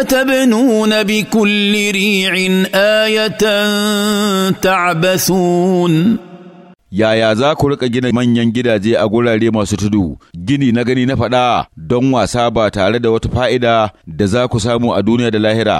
اتبنون بكل ريع ايه تعبثون yaya za ku rika gina manyan gidaje a gurare masu tudu gini na gani na faɗa don wasa ba tare da wata fa'ida da za ku samu a duniya da lahira